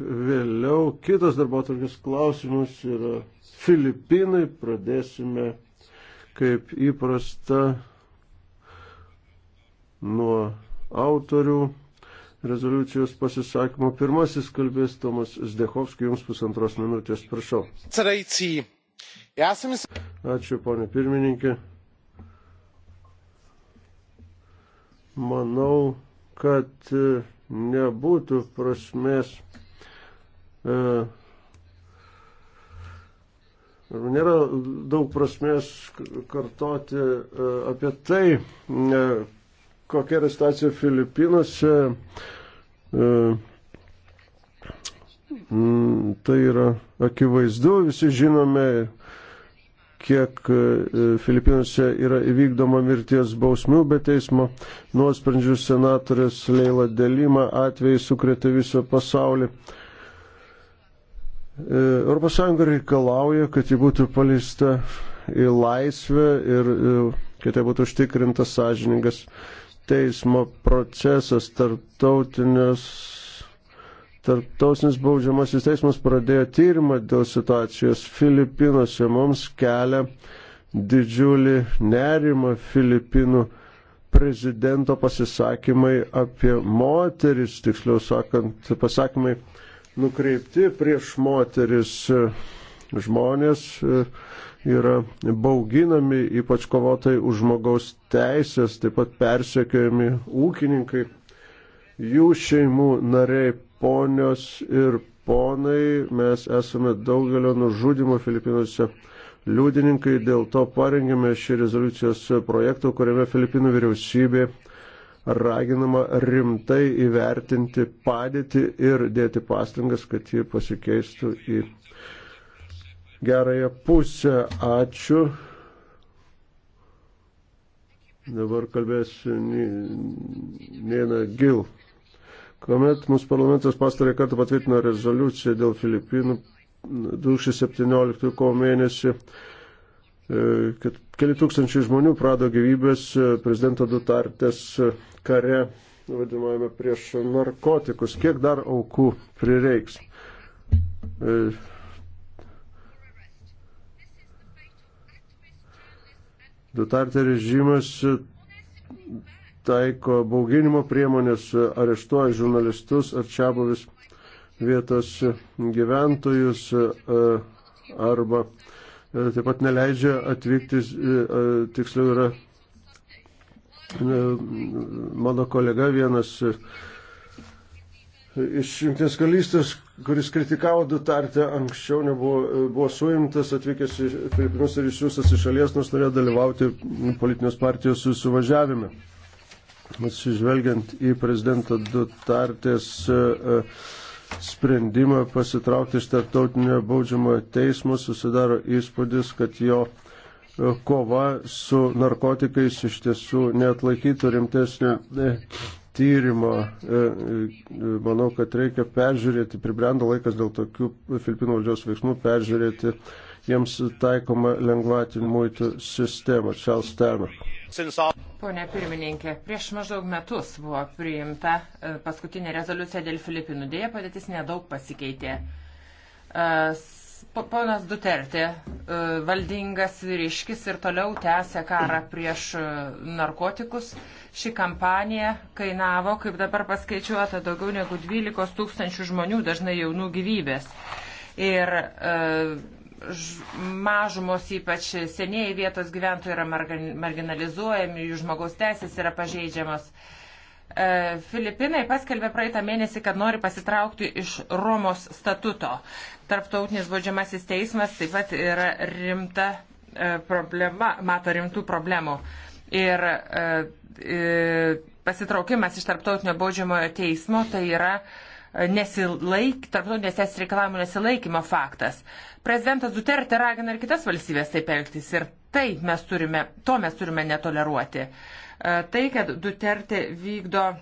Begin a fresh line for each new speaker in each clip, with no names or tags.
vėliau. Kitas darbotvarkės klausimas yra Filipinai. Pradėsime kaip įprasta nuo autorių rezoliucijos pasisakymo. Pirmasis kalbės Tomas Zdechovskis, jums pusantros minutės, prašau. Ačiū, ponė pirmininkė. Manau, kad nebūtų prasmės E, nėra daug prasmės kartoti e, apie tai, e, kokia yra situacija Filipinuose. Tai yra akivaizdu, visi žinome, kiek Filipinuose yra įvykdoma mirties bausmių, bet teismo nuosprendžių senatorės Leila Delima atvejai sukrėtė viso pasaulį. ES reikalauja, kad ji būtų paleista į laisvę ir e, kad jai būtų užtikrintas sąžiningas teismo procesas. Tarptautinis, tarptautinis baudžiamasis teismas pradėjo tyrimą dėl situacijos Filipinose. Mums kelia didžiulį nerimą Filipinų prezidento pasisakymai apie moteris, tiksliau sakant, pasakymai nukreipti prieš moteris e, žmonės e, yra bauginami, ypač kovotai už žmogaus teisės, taip pat persekiojami ūkininkai, jų šeimų nariai, ponios ir ponai, mes esame daugelio nužudimų Filipinuose liudininkai, dėl to parengėme šį rezoliucijos projektą, kuriame Filipinų vyriausybė raginama rimtai įvertinti padėtį ir dėti pastangas, kad ji pasikeistų į gerąją pusę. Ačiū. Dabar kalbės Nina Gil. Kuomet mūsų parlamentas pastarąjį kartą patvirtino rezoliuciją dėl Filipinų 2017 kovo mėnesį, e, kad keli tūkstančiai žmonių prado gyvybės e, prezidento Dutartės e, kare, vadinamame, prieš narkotikus. Kiek dar aukų prireiks? E, Dutarte režimas taiko bauginimo priemonės, areštuoja žurnalistus ar čia buvis vietos gyventojus e, arba e, taip pat neleidžia atvykti, tiksliau yra mano kolega vienas e, iš Junktinės karalystės, kuris kritikavo Dutartę anksčiau, nebuvo, e, buvo suimtas, atvykęs į Filipinus ir išsiųstas iš šalies, nors norėjo dalyvauti politinės partijos suvažiavime. Atsižvelgiant į prezidentą Dutartės e, sprendimą pasitraukti iš tarptautinio baudžiamo teismo, susidaro įspūdis, kad jo uh, kova su narkotikais iš tiesų netlaikytų rimtesnio e, tyrimo. E, e, manau, kad reikia peržiūrėti, pribrendo laikas dėl tokių Filipinų valdžios veiksmų peržiūrėti jiems taikoma lengvatinių muitų sistema. Charles Termer.
Pone pirmininkė, prieš maždaug metus buvo priimta paskutinė rezoliucija dėl Filipinų. Dėja, padėtis nedaug pasikeitė. Ponas Duterte, e, valdingas vyriškis ir toliau tęsia karą prieš e, narkotikus. Ši kampanija kainavo, kaip dabar paskaičiuota, daugiau negu 12 tūkstančių žmonių, dažnai jaunų gyvybės. Ir e, mažumos, ypač senieji vietos gyventojai, yra marginalizuojami, jų žmogaus teisės yra pažeidžiamas. E, E, Filipinai paskelbė praeitą mėnesį, kad nori pasitraukti iš Romos statuto. Tarptautinis baudžiamasis teismas taip pat yra rimta e, problema, mato rimtų problemų. Ir e, pasitraukimas iš tarptautinio baudžiamojo teismo tai yra nesilaik, tarptautinės teisės reikalavimų nesilaikymo faktas. Prezidentas Duterte ragina ir kitas valstybės taip elgtis ir tai mes turime, to mes turime netoleruoti. Uh, E, tai, kad Duterte vykdo e,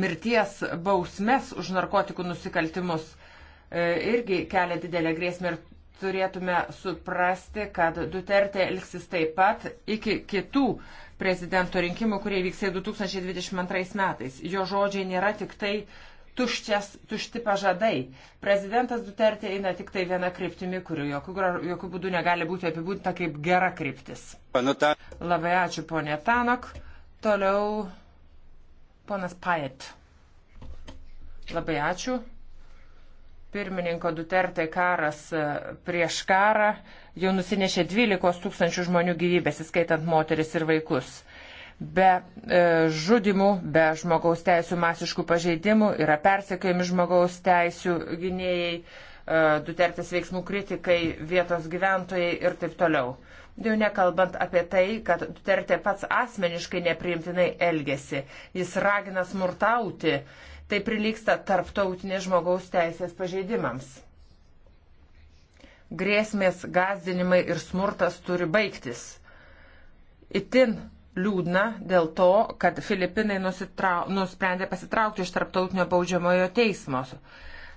mirties bausmes už narkotikų nusikaltimus, e, irgi kelia didelę grėsmę ir turėtume suprasti, kad Duterte elgsis taip pat iki kitų prezidento rinkimų, kurie vyksai 2022 metais. Jo žodžiai nėra tik tai uh, tuščias, tušti pažadai. Prezidentas Duterte eina tik tai viena kryptimi, kuri jokių, jokių būdų negali būti apibūdinta kaip gera kryptis. Panuta. Labai ačiū, ponė Tanok. Toliau ponas Pajet. Labai ačiū. Pirmininko Duterte karas e, prieš karą jau nusinešė 12 tūkstančių žmonių gyvybės, įskaitant moteris ir vaikus be e, žudimų, be žmogaus teisų masiškų pažeidimų, yra persekiojami žmogaus teisų gynėjai, e, dutertės veiksmų kritikai, vietos gyventojai ir taip toliau. Jau nekalbant apie tai, kad dutertė pats asmeniškai nepriimtinai elgesi, jis ragina smurtauti, tai prilyksta tarptautinės žmogaus teisės pažeidimams. Grėsmės, gazdinimai ir smurtas turi baigtis. Itin liūdna dėl to, kad Filipinai nusitra... nusprendė pasitraukti iš tarptautinio baudžiamojo teismo.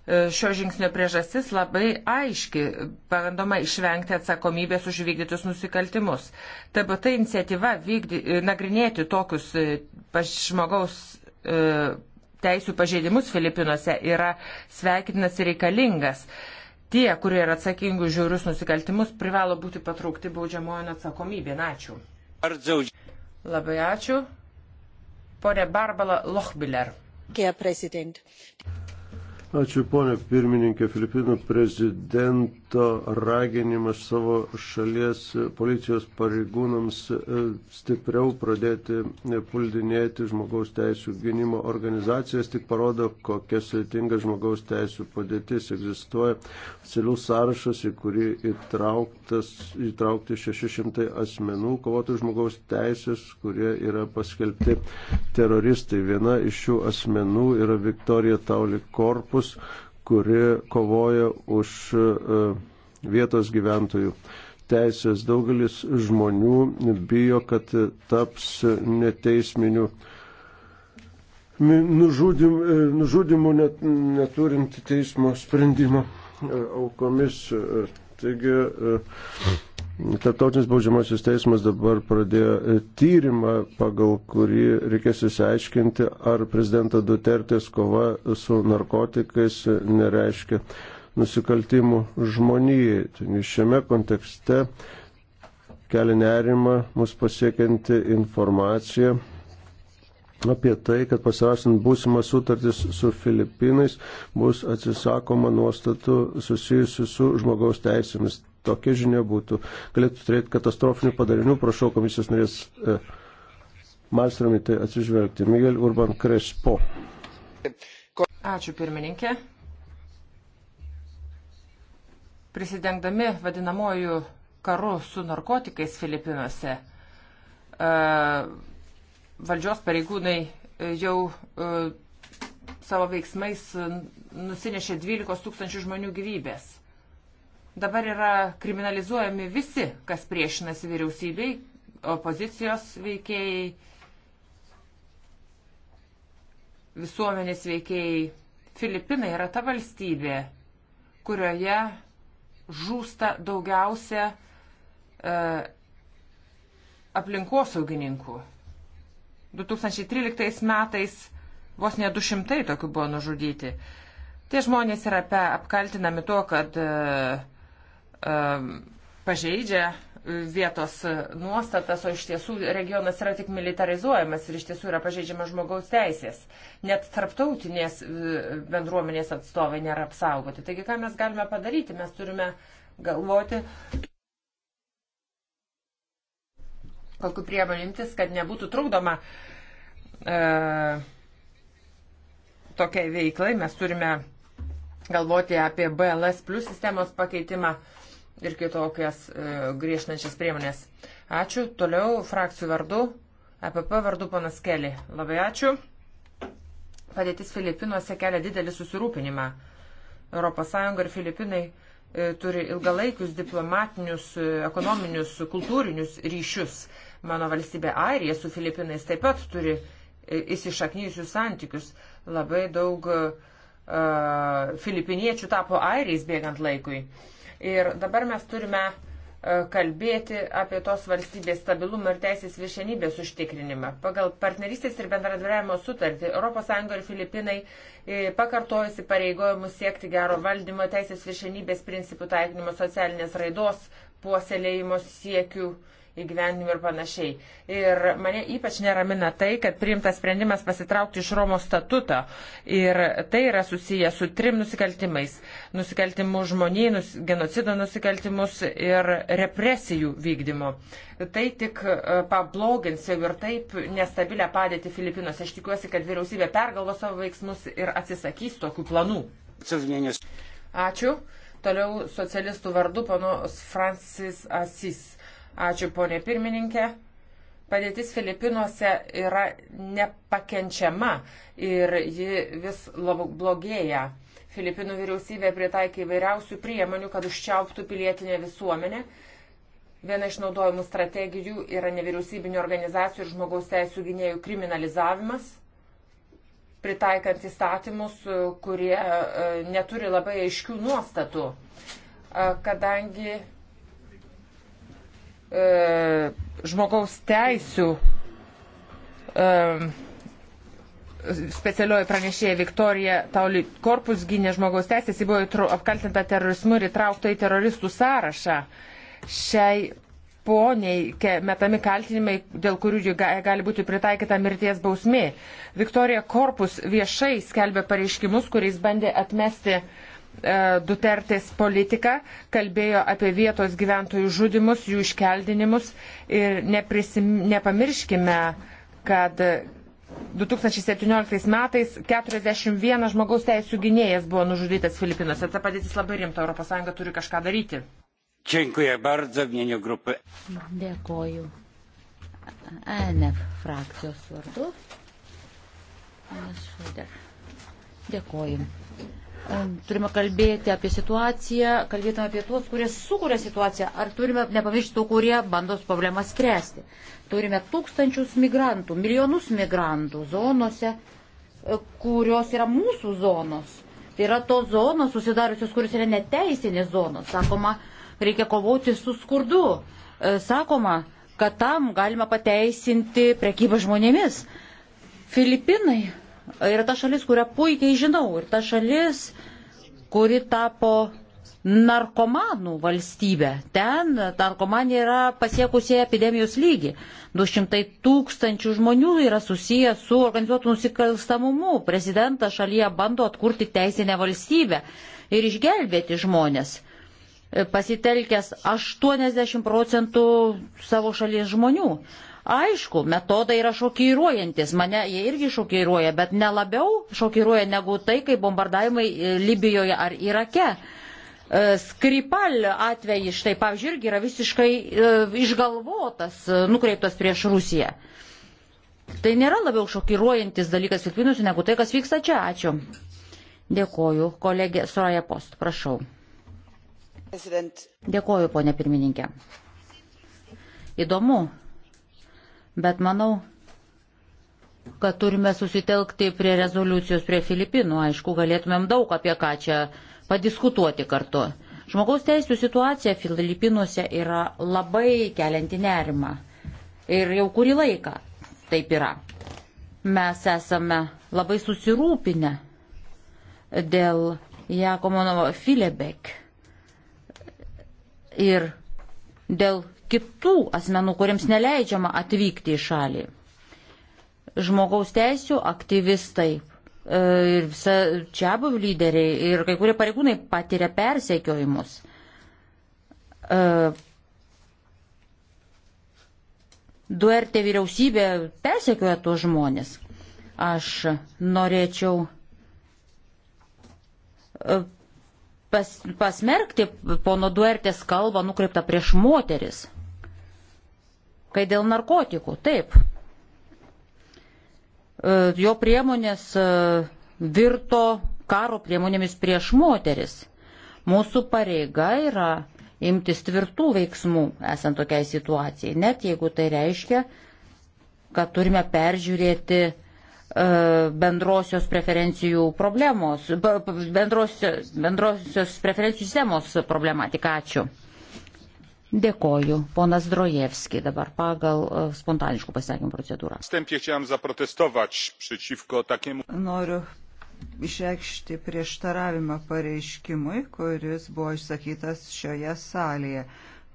E, šio žingsnio priežastis labai aiški - bandoma išvengti atsakomybės už vykdytus nusikaltimus. TBT iniciatyva vykdy, nagrinėti tokius e, paž, žmogaus e, teisų pažeidimus Filipinuose yra sveikinas ir reikalingas. Tie, kurie yra atsakingi už žiaurius nusikaltimus, privalo būti patraukti baudžiamojo atsakomybė. Ačiū. Ar džiaugiu? Labai ačiū. Pone Barbara Lochbiller.
Ačiū, ponė pirmininkė, Filipinų prezidento raginimas savo šalies policijos pareigūnams e, stipriau pradėti e, puldinėti žmogaus teisų gynimo organizacijas tik parodo, kokia sveitinga žmogaus teisų padėtis egzistuoja. Celių sąrašas, į kurį įtraukti 600 asmenų kovotų žmogaus teisės, kurie yra paskelbti teroristai. Viena iš šių asmenų yra Viktorija Tauli Korpus Vilnius, kuri kovoja už e, vietos gyventojų teisės. Daugelis žmonių bijo, kad taps neteisminių nužudim, e, nužudimų net, neturinti teismo sprendimo e, aukomis. Taigi, Tartautinis baudžiamasis teismas dabar pradėjo e, tyrimą, pagal kurį reikės įsiaiškinti, ar prezidento Dutertės kova su narkotikais nereiškia nusikaltimų žmonijai. Taigi šiame kontekste kelia nerima mus pasiekianti informacija apie tai, kad pasirašant būsimą sutartis su Filipinais bus atsisakoma nuostatų susijusių su žmogaus teisėmis tokia žinia būtų, galėtų turėti katastrofinių padarinių, prašau komisijos norės e, Malstromį tai atsižvelgti. Miguel Urban Krespo.
Ačiū pirmininkė. Prisidengdami vadinamojų karu su narkotikais Filipinuose, e, valdžios pareigūnai jau e, savo veiksmais nusinešė 12 tūkstančių žmonių gyvybės. Dabar yra kriminalizuojami visi, kas priešinasi vyriausybei, opozicijos veikėjai, visuomenės veikėjai. Filipinai yra ta valstybė, kurioje žūsta daugiausia e, aplinkosaugininkų. 2013 metais vos ne 200 tokių buvo nužudyti. Tie žmonės yra apkaltinami tuo, kad e, Um, pažeidžia vietos nuostatas, o iš tiesų regionas yra tik militarizuojamas ir iš tiesų yra pažeidžiamas žmogaus teisės. Net tarptautinės uh, bendruomenės atstovai nėra apsaugoti. Taigi, ką mes galime padaryti? Mes turime galvoti kokiu priemonimtis, kad nebūtų trukdoma e, tokiai veiklai. Mes turime galvoti apie BLS plus sistemos pakeitimą. E, ir kitokias e, griežtančias priemonės. Ačiū. Toliau frakcijų vardu, APP e vardu panas Keli. Labai ačiū. Padėtis Filipinuose kelia didelį susirūpinimą. ES ir Filipinai e, turi ilgalaikius diplomatinius, e, ekonominius, kultūrinius ryšius. Mano valstybė Airija su Filipinais taip pat turi e, įsišaknyjusius santykius. Labai daug uh, e, filipiniečių tapo airiais bėgant laikui. Uh, Ir dabar mes turime e, kalbėti apie tos valstybės stabilumą ir teisės viršenybės užtikrinimą. Pagal partnerystės ir bendradarbiavimo sutartį ES ir Filipinai e, pakartojasi pareigojimus siekti gero valdymo, teisės viršenybės principų taikinimo, socialinės raidos, puoselėjimo siekių įgyvendinimui ir panašiai. Ir mane ypač neramina tai, kad priimtas sprendimas pasitraukti iš Romos statuto. Ir tai yra susiję su trim nusikaltimais. Nusikaltimu žmoniai, nus, genocido nusikaltimus ir represijų vykdymu. Tai tik e, pablogins jau ir taip nestabilę padėtį Filipinuose. Aš tikiuosi, kad vyriausybė pergalvo savo veiksmus ir atsisakys tokių planų. Ačiū. Toliau socialistų vardu panos Francis Asis. Ačiū, ponė pirmininkė. Padėtis Filipinuose yra nepakenčiama ir ji vis blogėja. Filipinų vyriausybė pritaikė įvairiausių priemonių, kad užčiauptų pilietinę visuomenę. Viena iš naudojimų strategijų yra nevyriausybinio organizacijų ir žmogaus teisų gynėjų kriminalizavimas, pritaikant įstatymus, e, kurie e, neturi labai aiškių nuostatų, e, kadangi e, žmogaus teisų e, specialioji pranešėja Viktorija Tauli Korpus gynė žmogaus teisės, ji buvo apkaltinta terorizmu ir įtraukta į teroristų sąrašą. Šiai poniai metami kaltinimai, dėl kurių ji gali būti pritaikyta mirties bausmė. Viktorija Korpus viešai skelbė pareiškimus, kuriais bandė atmesti uh, E, Dutertės politika, kalbėjo apie vietos gyventojų žudimus, jų iškeldinimus ir neprisim, nepamirškime, kad 2017 metais 41 žmogaus teisų gynėjas buvo nužudytas Filipinuose. Ta padėtis labai rimta, ES turi kažką daryti.
Dziękuję bardzo w imieniu grupy.
Dėkoju. ANF e frakcijos vardu.
Dėkoju. Turime kalbėti apie situaciją, kalbėtume apie tuos, kurie sukuria situaciją, ar turime nepamiršti tų, kurie bandos problemas spręsti. Turime tūkstančius migrantų, milijonus migrantų zonose, e, kurios yra mūsų zonos. Tai yra tos zonos susidariusios, kuris yra neteisinės zonos. Sakoma, reikia kovoti su skurdu. E, sakoma, kad tam galima pateisinti prekybą žmonėmis. Filipinai yra ta šalis, kurią puikiai žinau, ir ta šalis, kuri tapo narkomanų valstybė. Ten narkomanija yra pasiekusi epidemijos lygį. 200 tūkstančių žmonių yra susiję su organizuotų nusikalstamumu. Prezidentas šalyje bando atkurti teisinę valstybę ir išgelbėti žmonės, pasitelkęs 80 procentų savo šalies žmonių. Aišku, metodai yra šokiruojantis, mane jie irgi šokiruoja, bet nelabiau šokiruoja negu tai, kai bombardavimai e, Libijoje ar Irake. E, Skripal atvejis, štai pavyzdžiui, irgi yra visiškai e, išgalvotas, nukreiptas prieš Rusiją. Tai nėra labiau šokiruojantis dalykas kiekvienus negu tai, kas vyksta čia. Ačiū. Dėkoju, kolegė Soja Post, prašau. Dėkoju, ponė pirmininkė. Įdomu, bet manau, kad turime susitelkti prie rezoliucijos prie Filipinų. Aišku, galėtumėm daug apie ką čia padiskutuoti kartu. Žmogaus teisų situacija Filipinuose yra labai kelianti nerima. Ir jau kurį laiką taip yra. Mes esame labai susirūpinę dėl Jakomonovo Filebek ir dėl kitų asmenų, kuriems neleidžiama atvykti į šalį. Žmogaus teisų aktyvistai e, ir čia buvę lyderiai ir kai kurie pareigūnai patiria persekiojimus. E, Duertė vyriausybė persekioja tuos žmonės. Aš norėčiau e, pas, pasmerkti pono Duertės kalbą nukreiptą prieš moteris. Kai dėl narkotikų, taip. E, jo priemonės e, virto karo priemonėmis prieš moteris. Mūsų pareiga yra imtis tvirtų veiksmų esant tokiai situacijai, net jeigu tai reiškia, kad turime peržiūrėti e, bendrosios preferencijų problemos, bendrosios, bendrosios preferencijų sistemos problematiką. Ačiū. Dėkoju, ponas Drojevski, dabar pagal e, spontaniškų pasiekimų procedūrą.
Noriu išreikšti prieštaravimą pareiškimui, kuris buvo išsakytas šioje salėje,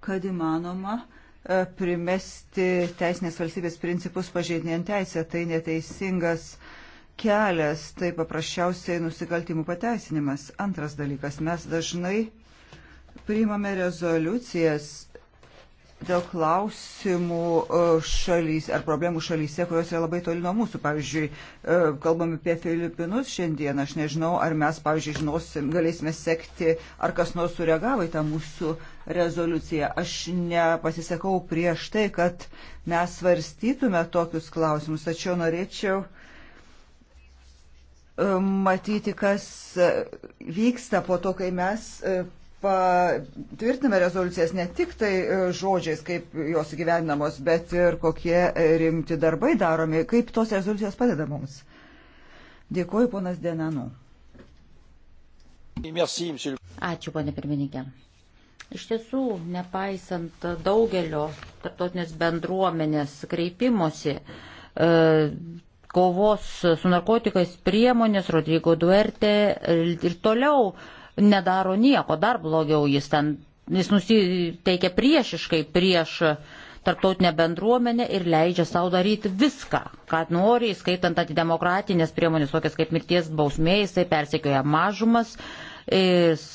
kad įmanoma e, primesti teisinės valstybės principus pažeidinėjant teisę. Tai neteisingas kelias, tai paprasčiausiai nusikaltimų pateisinimas. Antras dalykas, mes dažnai priimame rezoliucijas dėl klausimų e, šalys ar problemų šalyse, kurios yra labai toli nuo mūsų. Pavyzdžiui, e, kalbam apie Filipinus šiandien, aš nežinau, ar mes, pavyzdžiui, žinosim, galėsime sekti, ar kas nors sureagavo į tą mūsų rezoliuciją. Aš nepasisakau prieš tai, kad mes svarstytume tokius klausimus, tačiau norėčiau e, matyti, kas vyksta po to, kai mes patvirtiname rezoliucijas ne tik tai e, žodžiais, kaip jos gyvenamos, bet ir kokie e, rimti darbai daromi, kaip tos rezoliucijos padeda mums. Dėkuoju, ponas Denanu.
Ačiū,
ponė pirmininkė. Iš tiesų, nepaisant daugelio tarptautinės bendruomenės kreipimosi, e, kovos su narkotikais priemonės Rodrygo Duerte ir toliau nedaro nieko, dar blogiau jis ten, jis nusiteikia priešiškai prieš tarptautinę bendruomenę ir leidžia savo daryti viską, ką nori, įskaitant antidemokratinės priemonės, tokias kaip mirties bausmė, jisai persekioja mažumas, jis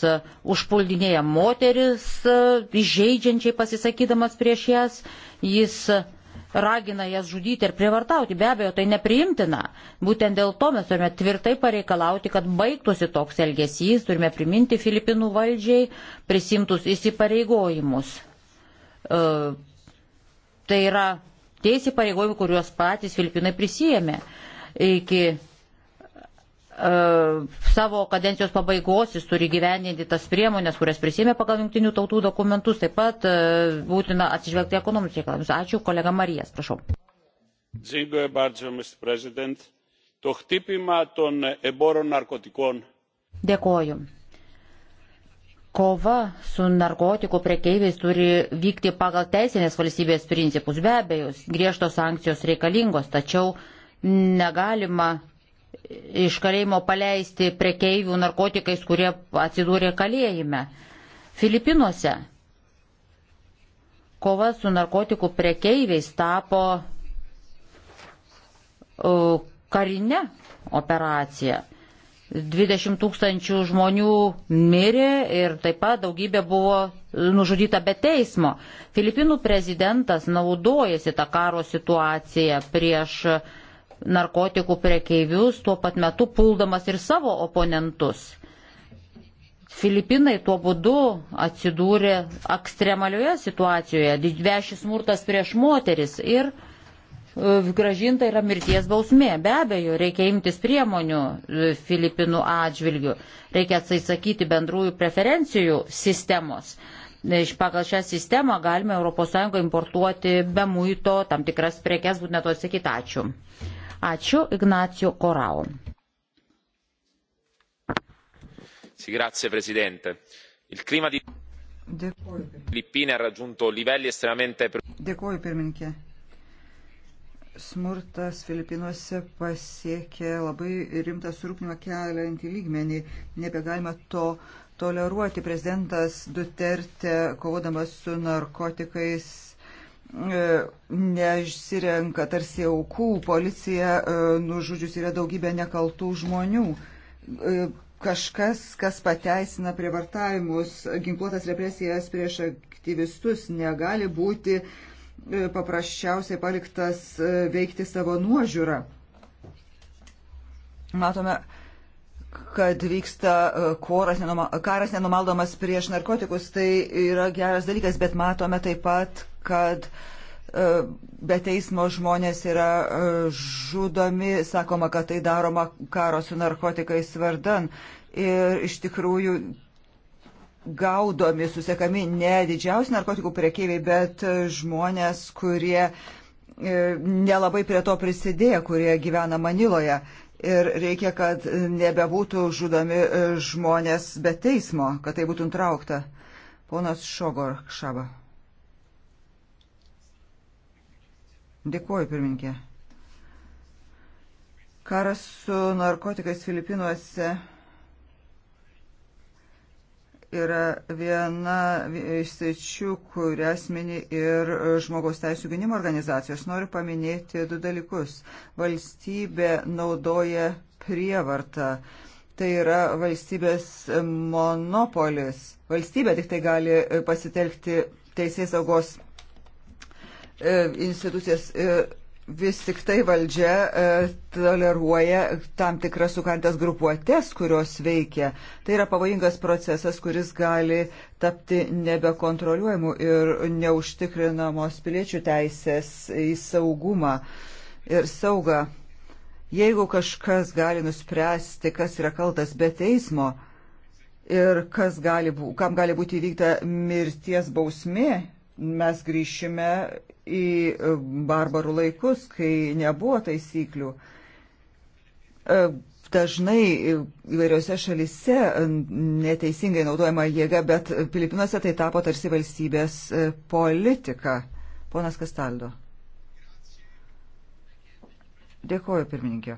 užpuldinėja moteris, įžeidžiančiai pasisakydamas prieš jas, jis ragina jas žudyti ir prievartauti. Be abejo, tai nepriimtina. Būtent dėl to mes turime tvirtai pareikalauti, kad baigtųsi toks elgesys, turime priminti Filipinų valdžiai prisimtus įsipareigojimus. E, tai yra tie įsipareigojimai, kuriuos patys Filipinai prisijėmė iki E, savo kadencijos pabaigos jis turi gyveninti tas priemonės, kurias prisėmė pagal jungtinių tautų dokumentus, taip pat e, būtina atsižvelgti ekonominius reikalavimus. Ačiū, kolega Marijas, prašau. Dėkoju. Kova su narkotikų prekeiviais turi vykti pagal teisinės valstybės principus. Be abejo, griežtos sankcijos reikalingos, tačiau negalima iš kalėjimo paleisti prekeivių narkotikais, kurie atsidūrė kalėjime. Filipinuose kova su narkotikų prekeiviais tapo e, karinė operacija. 20 tūkstančių žmonių mirė ir taip pat daugybė buvo nužudyta be teismo. Filipinų prezidentas naudojasi tą karo situaciją prieš uh, narkotikų prekeivius, tuo pat metu puldamas ir savo oponentus. Filipinai tuo būdu atsidūrė ekstremalioje situacijoje, didvešis smurtas prieš moteris ir e, gražinta yra mirties bausmė. Be abejo, reikia imtis priemonių e, Filipinų atžvilgių, reikia atsisakyti bendrųjų preferencijų sistemos. E, pagal šią sistemą galime ES importuoti be muito tam tikras prekes, būtent to atsakyti. Ačiū. Ačiū Ignacio Korau.
Grazie,
Presidente. Il clima di Filippine ha raggiunto livelli estremamente.
Dėkuoju, pirmininkė. Smurtas Filipinuose pasiekė labai rimtą surūpnimą keliantį lygmenį. Nebegalima to toleruoti. Prezidentas Duterte, kovodamas su narkotikais, E, nesirenka tarsi aukų, policija e, nužudžius yra daugybė nekaltų žmonių. E, kažkas, kas pateisina prievartavimus, ginkluotas represijas prieš aktyvistus, negali būti paprasčiausiai paliktas veikti savo nuožiūrą. Matome, kad vyksta e, koras, karas nenumaldomas prieš narkotikus, tai yra geras dalykas, bet matome taip pat, kad e, be teismo žmonės yra e, žudomi, sakoma, kad tai daroma karo su narkotikais vardan. Ir iš tikrųjų gaudomi, susekami ne didžiausi narkotikų priekeiviai, bet žmonės, kurie nelabai prie to prisidėjo, kurie gyvena Maniloje ir reikia, kad nebebūtų žudomi e, žmonės be teismo, kad tai būtų nutraukta. Ponas Šogor Šaba. Dėkuoju, pirminkė. Karas su narkotikais Filipinuose yra viena iš sričių, kurias mini ir e, žmogaus teisų gynimo organizacijos. Noriu paminėti du dalykus. Valstybė naudoja prievartą. Tai yra valstybės monopolis. Valstybė tik tai gali e, pasitelkti teisės saugos e, institucijas. Ir vis tik tai valdžia e, toleruoja tam tikras sukantas grupuotės, kurios veikia. Tai yra pavojingas procesas, kuris gali tapti nebekontroliuojamu ir neužtikrinamos piliečių teisės į saugumą ir saugą. Jeigu kažkas gali nuspręsti, kas yra kaltas be teismo ir gali, kam gali būti įvykta mirties bausmė mes grįšime į e, barbarų laikus, kai nebuvo taisyklių. E, dažnai e, įvairiose šalise neteisingai naudojama jėga, bet Filipinuose tai tapo tarsi valstybės politika. Ponas Kastaldo. Dėkuoju, pirmininkė.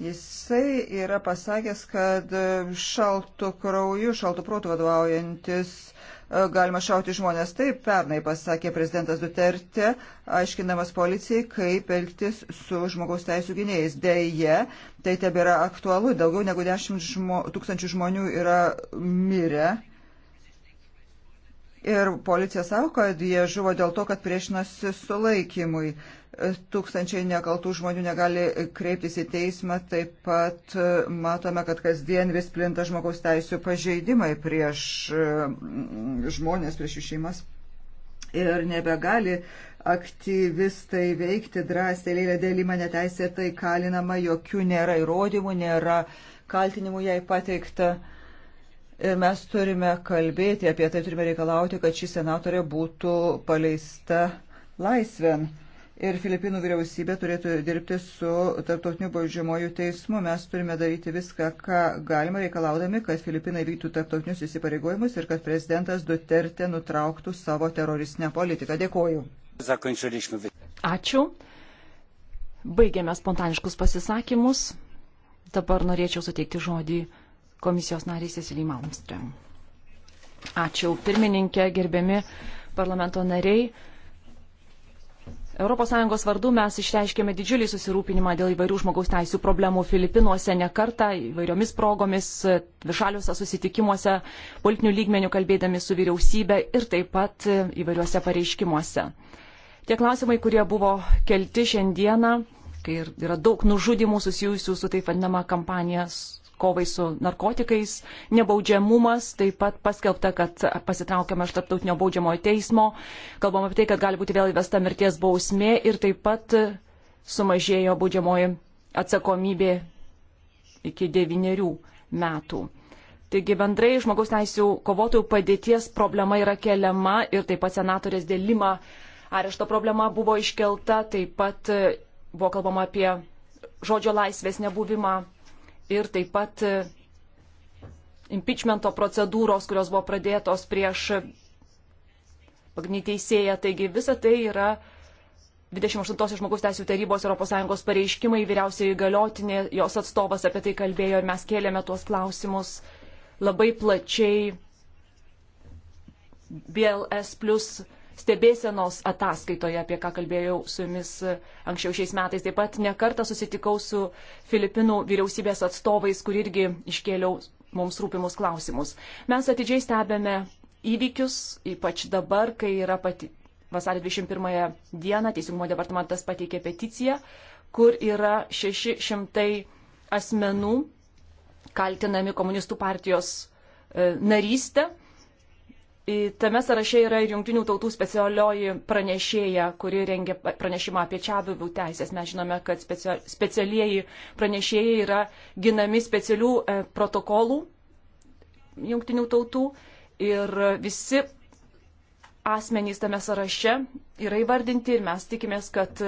Jisai yra pasakęs, kad e, šaltų krauju, šaltų protų vadovaujantis e, galima šauti žmonės. Taip, pernai pasakė prezidentas Duterte, aiškinamas policijai, kaip elgtis su žmogaus teisų gynėjais. Deja, tai tebėra aktualu. Daugiau negu 10 žmo, tūkstančių žmonių yra mirę. Ir policija sako, kad jie žuvo dėl to, kad priešinasi sulaikymui tūkstančiai nekaltų žmonių negali kreiptis į teismą, taip pat matome, kad kasdien vis plinta žmogaus teisų pažeidimai prieš mm, žmonės, prieš jų šeimas. Ir nebegali aktyvistai veikti drąsiai, lėlė dėl įmonė teisėtai kalinama, jokių nėra įrodymų, nėra kaltinimų jai pateikta. Ir mes turime kalbėti apie tai, turime reikalauti, kad ši senatorė būtų paleista laisvėn ir Filipinų vyriausybė turėtų dirbti su tarptautiniu baudžiamoju teismu. Mes turime daryti viską, ką galima, reikalaudami, kad Filipinai vyktų tarptautinius įsipareigojimus ir kad prezidentas Duterte nutrauktų savo teroristinę politiką. Dėkoju.
Ačiū. Baigėme spontaniškus pasisakymus. Dabar norėčiau suteikti žodį komisijos nariai Cecilijai Malmström. Ačiū pirmininkė, gerbiami parlamento nariai. ES vardu mes išreiškėme didžiulį susirūpinimą dėl įvairių žmogaus teisų problemų Filipinuose nekarta įvairiomis progomis, višaliuose susitikimuose, politinių lygmenių kalbėdami su vyriausybė ir taip pat įvairiuose pareiškimuose. Tie klausimai, kurie buvo kelti šiandieną, kai yra daug nužudimų susijusių su taip vadinama kampanijas kovai su narkotikais, nebaudžiamumas, taip pat paskelbta, kad pasitraukiama iš tarptautinio baudžiamojo teismo, kalbama apie tai, kad gali būti vėl įvesta mirties bausmė ir taip pat sumažėjo baudžiamoji atsakomybė iki devyniarių metų. Taigi bendrai žmogaus teisų kovotojų padėties problema yra keliama ir taip pat senatorės dėlima arešto problema buvo iškelta, taip pat buvo kalbama apie žodžio laisvės nebuvimą ir taip pat e, impeachmento procedūros, kurios buvo pradėtos prieš pagrindinį teisėją. Taigi visa tai yra 28 žmogus teisų tarybos ES pareiškimai, vyriausiai galiotinė, jos atstovas apie tai kalbėjo ir mes kėlėme tuos klausimus labai plačiai BLS plus stebėsenos ataskaitoje, apie ką kalbėjau su jumis e, anksčiau šiais metais. Taip pat nekartą susitikau su Filipinų vyriausybės atstovais, kur irgi iškėliau mums rūpimus klausimus. Mes atidžiai stebėme įvykius, ypač dabar, kai yra pati. Vasario 21 dieną Teisingumo departamentas pateikė peticiją, kur yra 600 asmenų kaltinami komunistų partijos e, narystę Tame sąraše yra ir jungtinių tautų specialioji pranešėja, kuri rengia pranešimą apie čiabuvių teisės. Mes žinome, kad specialieji pranešėjai yra ginami specialių e, protokolų jungtinių tautų ir visi asmenys tame sąraše yra įvardinti ir mes tikimės, kad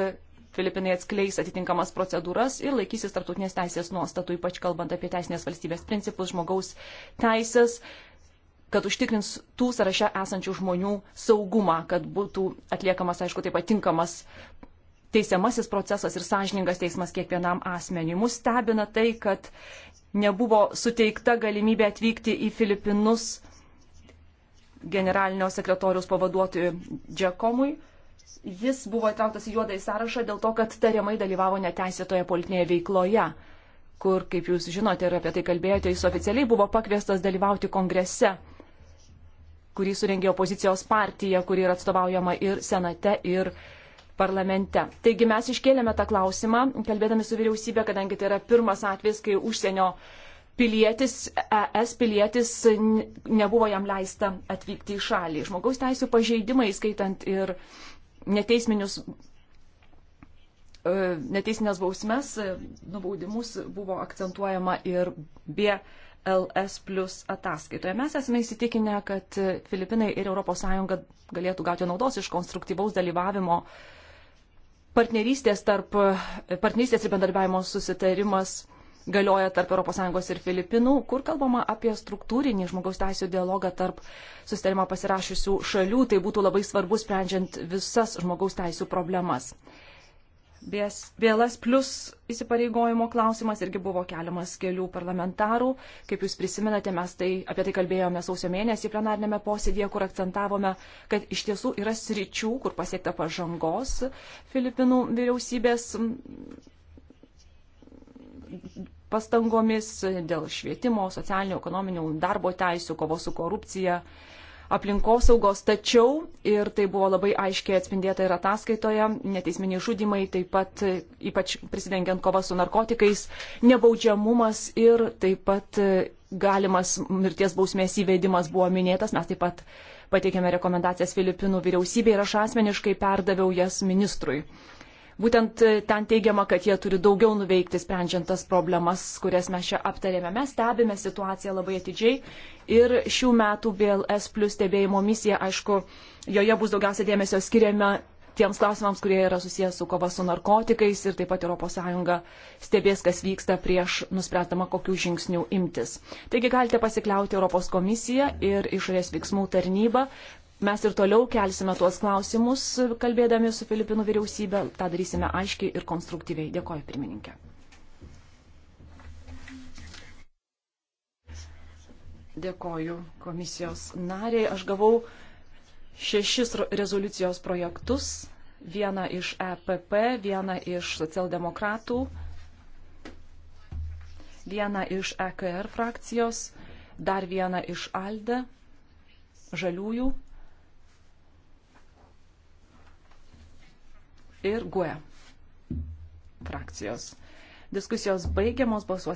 Filipinai atskleis atitinkamas procedūras ir laikysis tarptautinės teisės nuostatų, ypač kalbant apie teisinės valstybės principus, žmogaus teisės, kad užtikrins tų sąraše esančių žmonių saugumą, kad būtų atliekamas, aišku, taip pat tinkamas teisiamasis procesas ir sąžiningas teismas kiekvienam asmeniui. Mus stebina tai, kad nebuvo suteikta galimybė atvykti į Filipinus generalinio sekretoriaus pavaduotojui Džekomui. Jis buvo įtrauktas į juodą į sąrašą dėl to, kad tariamai dalyvavo neteisėtoje politinėje veikloje, kur, kaip jūs žinote ir apie tai kalbėjote, jis oficialiai buvo pakviestas dalyvauti kongrese kurį surengė opozicijos partija, kuri yra atstovaujama ir senate, ir parlamente. Taigi mes iškėlėme tą klausimą, kalbėdami su vyriausybė, kadangi tai yra pirmas atvejs, kai užsienio pilietis, ES pilietis nebuvo jam leista atvykti į šalį. Žmogaus teisų pažeidimai, skaitant ir neteisminius, e, neteisinės bausmes, e, nubaudimus, buvo akcentuojama ir be. Bie LS plus ataskaitoje. Mes esame įsitikinę, kad Filipinai ir ES galėtų gauti naudos iš konstruktyvaus dalyvavimo partnerystės, tarp, partnerystės ir bendarbiavimo susitarimas galioja tarp ES ir Filipinų, kur kalbama apie struktūrinį žmogaus teisų dialogą tarp susitarimą pasirašiusių šalių. Tai būtų labai svarbu sprendžiant visas žmogaus teisų problemas. Bėlas plus įsipareigojimo klausimas irgi buvo keliamas kelių parlamentarų. Kaip jūs prisimenate, mes tai, apie tai kalbėjome sausio mėnesį plenarnėme posėdėje, kur akcentavome, kad iš tiesų yra sričių, kur pasiekta pažangos Filipinų vyriausybės pastangomis dėl švietimo, socialinių, ekonominių, darbo teisų, kovos su korupcija aplinkosaugos, tačiau ir tai buvo labai aiškiai atspindėta ir ataskaitoje, neteisminiai žudimai, taip pat ypač prisidengiant kova su narkotikais, nebaudžiamumas ir taip pat e, galimas mirties bausmės įvedimas buvo minėtas, mes taip pat pateikėme rekomendacijas Filipinų vyriausybei ir aš asmeniškai perdaviau jas ministrui. Būtent e, ten teigiama, kad jie turi daugiau nuveikti sprendžiant tas problemas, kurias mes čia aptarėme. Mes stebime situaciją labai atidžiai ir šių metų BLS plus stebėjimo misija, aišku, joje bus daugiausia dėmesio skiriama tiems klausimams, kurie yra susijęs su kova su narkotikais ir taip pat ES stebės, kas vyksta prieš nuspręstama, kokių žingsnių imtis. Taigi galite pasikliauti Europos komisiją ir išorės veiksmų tarnybą, Mes ir toliau kelsime tuos klausimus, kalbėdami su Filipinų vyriausybė. Ta darysime aiškiai ir konstruktyviai. Dėkoju, pirmininkė. Dėkoju komisijos nariai. Aš gavau šešis rezoliucijos projektus. Vieną iš EPP, vieną iš socialdemokratų, vieną iš EKR frakcijos, dar vieną iš ALDE, žaliųjų ir GUE frakcijos. Diskusijos baigiamos balsuos.